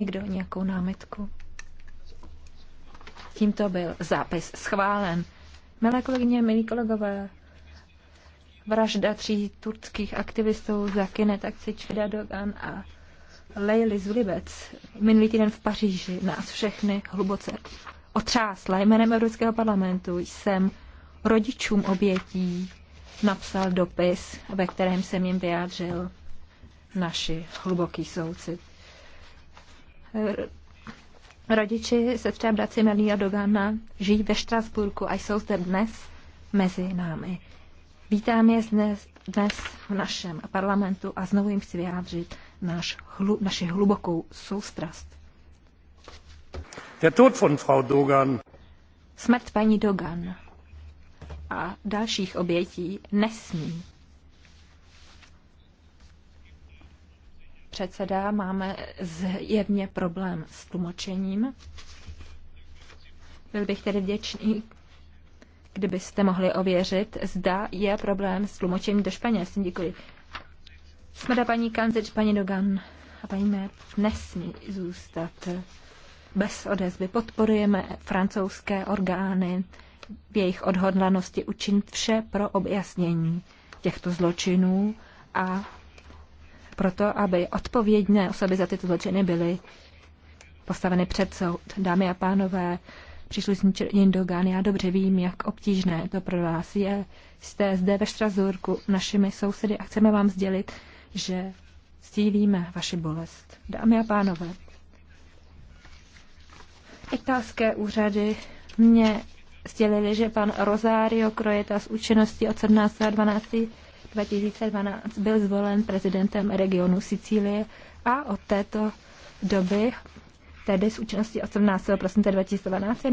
Někdo nějakou námitku? Tímto byl zápis schválen. Milé kolegyně, milí kolegové, vražda tří turckých aktivistů za Zakine Čvida Dogan a Leily Zulibec minulý týden v Paříži nás všechny hluboce otřásla. Jménem Evropského parlamentu jsem rodičům obětí napsal dopis, ve kterém jsem jim vyjádřil naši hluboký soucit. Rodiči se třeba bratři a Dogana žijí ve Štrasburku a jsou zde dnes mezi námi. Vítám je dnes, dnes v našem parlamentu a znovu jim chci vyjádřit náš, hlu, naši hlubokou soustrast. Der Tod von Frau Dogan. Smrt paní Dogan a dalších obětí nesmí předseda, máme zjevně problém s tlumočením. Byl bych tedy vděčný, kdybyste mohli ověřit, zda je problém s tlumočením do španělství. Děkuji. da paní Kanzič, paní Dogan a paní Mér nesmí zůstat bez odezvy. Podporujeme francouzské orgány v jejich odhodlanosti učinit vše pro objasnění těchto zločinů a proto aby odpovědné osoby za tyto zločiny byly postaveny před soud. Dámy a pánové, do Indogán, já dobře vím, jak obtížné to pro vás je. Jste zde ve Štrasburku našimi sousedy a chceme vám sdělit, že sdílíme vaši bolest. Dámy a pánové, italské úřady mě sdělili, že pan Rosario Krojeta z účinnosti od 17. 12. 2012 byl zvolen prezidentem regionu Sicílie a od této doby, tedy s účinností 18. prosince 2012, je